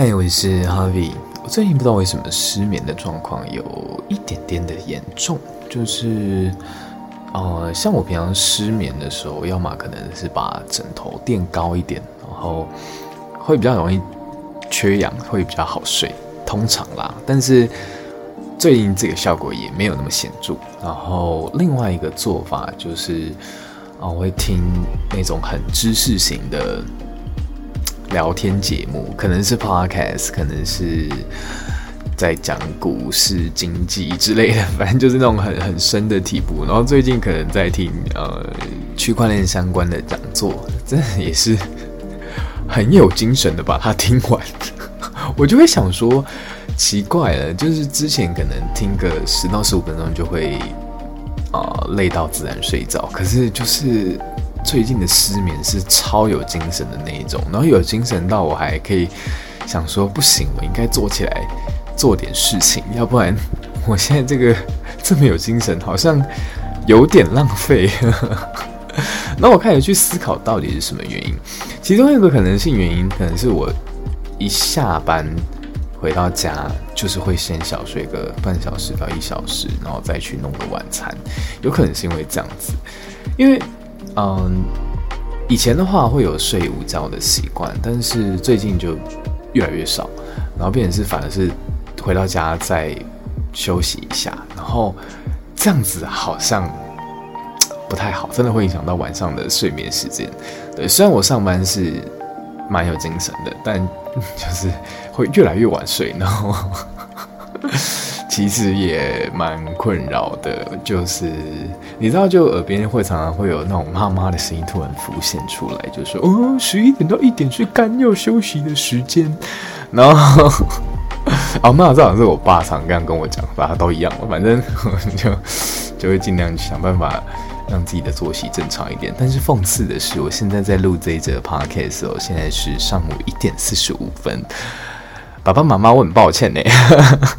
嗨，我是 Harvie。我最近不知道為什麼失眠的狀況有一點點的嚴重，就是，呃，像我平常失眠的時候，要麼可能是把枕頭墊高一點，然後會比較容易缺氧，會比較好睡，通常啦。但是最近這個效果也沒有那麼顯著。然後另外一個做法就是，啊、呃，我會聽那種很知識型的。聊天節目可能是 Podcast，可能是在講股市經濟之類的，反正就是那種很很深的題目。然後最近可能在聽呃區塊鏈相關的講座，真的也是很有精神的把它聽完 我就會想說奇怪了，就是之前可能聽個十到十五分鐘就會啊、呃、累到自然睡着，可是就是。最近的失眠是超有精神的那一種，然後有精神到我還可以想說，不行，我應該坐起來做點事情，要不然我現在這個這麼有精神，好像有點浪費。那 我開始去思考到底是什麼原因，其中有一個可能性原因，可能是我一下班回到家，就是會先小睡個半小時到一小時，然後再去弄個晚餐，有可能是因為這樣子，因為。嗯，以前的話會有睡午覺的習慣，但是最近就越來越少，然後變成是反而是回到家再休息一下，然後這樣子好像不太好，真的會影響到晚上的睡眠時間。對，雖然我上班是蠻有精神的，但就是會越來越晚睡，然後。 其實也蠻困擾的，就是你知道，就耳邊會常常會有那種媽媽的聲音突然浮現出來，就是說：“哦，十一點到一點是該要休息的時間。”然後，啊，媽這好像是我爸常這樣跟我講，反正都一樣，反正呵呵就就會盡量想辦法讓自己的作息正常一點。但是諷刺的是，我現在在錄這一集的 Podcast，哦，現在是上午一點四十五分。爸爸媽媽，我很抱歉呢。呵呵